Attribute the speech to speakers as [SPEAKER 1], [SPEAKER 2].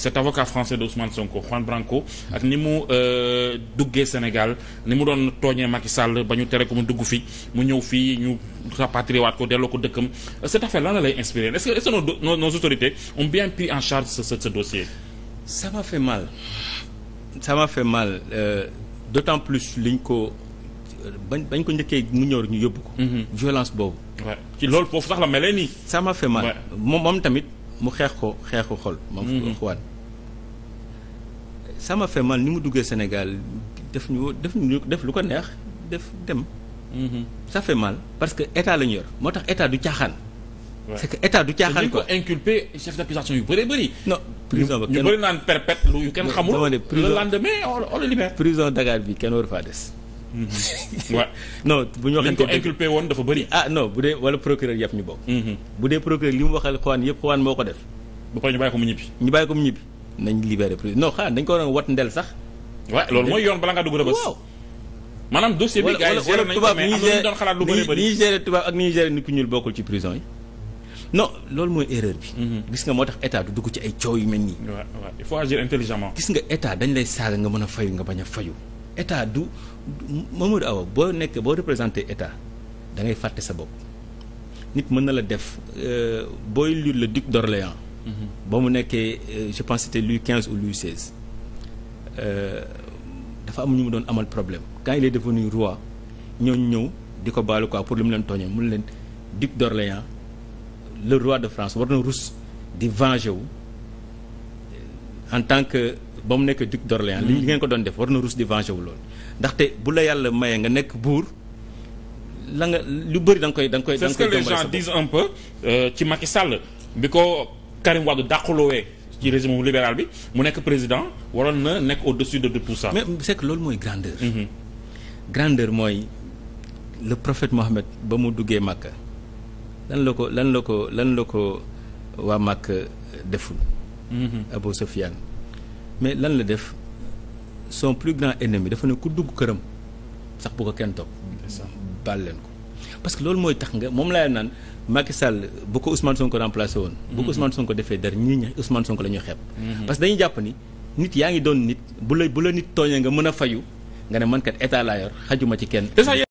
[SPEAKER 1] cet avocat français de Ousmane Sonko Juan Branco ak ni mu euh, duggee Sénégal ni mu doon tooñee Macky Sall ba ñu teree ko mu dugg fi mu ñëw fii ñu rapatrier waat ko delloo ko dëkkam cette affaire lan la lay inspiré est-ce que est-ce que nos nos nos bien pris en charge ce ce dossier. ça m'a fait mal ça m'a mal euh, d'autant plus liñ ko. ba bañ ko njëkkee mu ñëw rek ñu yóbbu ko. Mhm. violence boobu. ci loolu foofu sax la mel nii. ça m'a fait mal moom tamit mu xeex ko xeexu xol. moom xeexu xol. sama m'a mal ni mu duggee Sénégal def ñu def ñu def lu ko neex def dem. Mhm. ça fait mal parce que état la ñu yor moo tax état du caaxaan. c'est que état du caaxaan quoi te ko inculpé chef d'accusation yu bëree bëri. non prison ba kenn ñu bëri naan perpète lu kenn xamul. prison Dakar bi kenn waru faa des. waaw mhm. non bu ñu waxee. ko inculpé woon dafa bëri. ah non bu dee wala procureur yëpp ñu bokk. Mhm. bu dee procureur li mu waxal xawaan yëpp xawaan moo ko def. ba pare ñu bàyyi ko mu ñibbi. ñu bàyyi ko mu ñibbi. nañ libéré président non xanaa dañ ko doon wat ndel sax. waaw loolu mooy yoon bala nga dugg rëbës. waaw maanaam dossier bi. gars yi géré nañ ko mais am na ñu doon xalaat lu bëri bëri ni tubaab ak ni ku ñuul bokkul ci prison yi. non loolu mooy erreur bi. Mhm. gis nga moo tax état du dugg ci ay coow yu mel nii. waaw waaw il faut agir intelligemment. gis nga état dañ lay saaga nga mën a fayu nga bañ a fayu état du Mamadou Awa boo nekkee boo représenté état dangay ngay fàtte sa bopp nit mën na la def euh, booy lire le duc d'Orléans ba mu nekkee euh, je pense c'était Louis quinze ou Louis seize euh, dafa am ñu mu doon amal problème quand il est devenu roi ñooñu ñëw di ko baalu quoi pour li mu leen tooñee mu leen duc d'Orléans le roi de France war na rus di venger wu euh, en tant que ba mu nekk duc d'Orléans li mm-hmm. ngeen ko doon def war na rus di venger wu loolu ndaxte bu la yàlla mayee nga nekk buur la nga lu bëri da koy danga koy. da nga koy c'est ce que les gens disent un ci Macky Sall bi ko. Karim Wade dàqaloowee ci régime libéral bi mu nekk président waroon na nekk au-dessus de de tout mais c'est loolu mooy grandeur. Mm-hmm. grandeur mooy le prophète Mohammed ba mu duggee Makka lan la ko lan la ko lan la ko waa Makka deful. Mm-hmm. Abou Sofiane mais lan la def son plus grand ennemi dafa ne ku dugg këram sax bu ko kenn topp. bàl leen ko. parce que loolu mooy tax nga moom laa naan Macky Sall bu ko Ousmane Sonko remplacé woon. bu ko mhm. Ousmane Sonko defee dara ñii ñax Ousmane Sonko la ñu xeeb. Mhm. parce que jàpp ni nit yaa ngi doon nit bu la bu la nit tooñee nga mën a fayu nga ne man état laa xajuma ci kenn.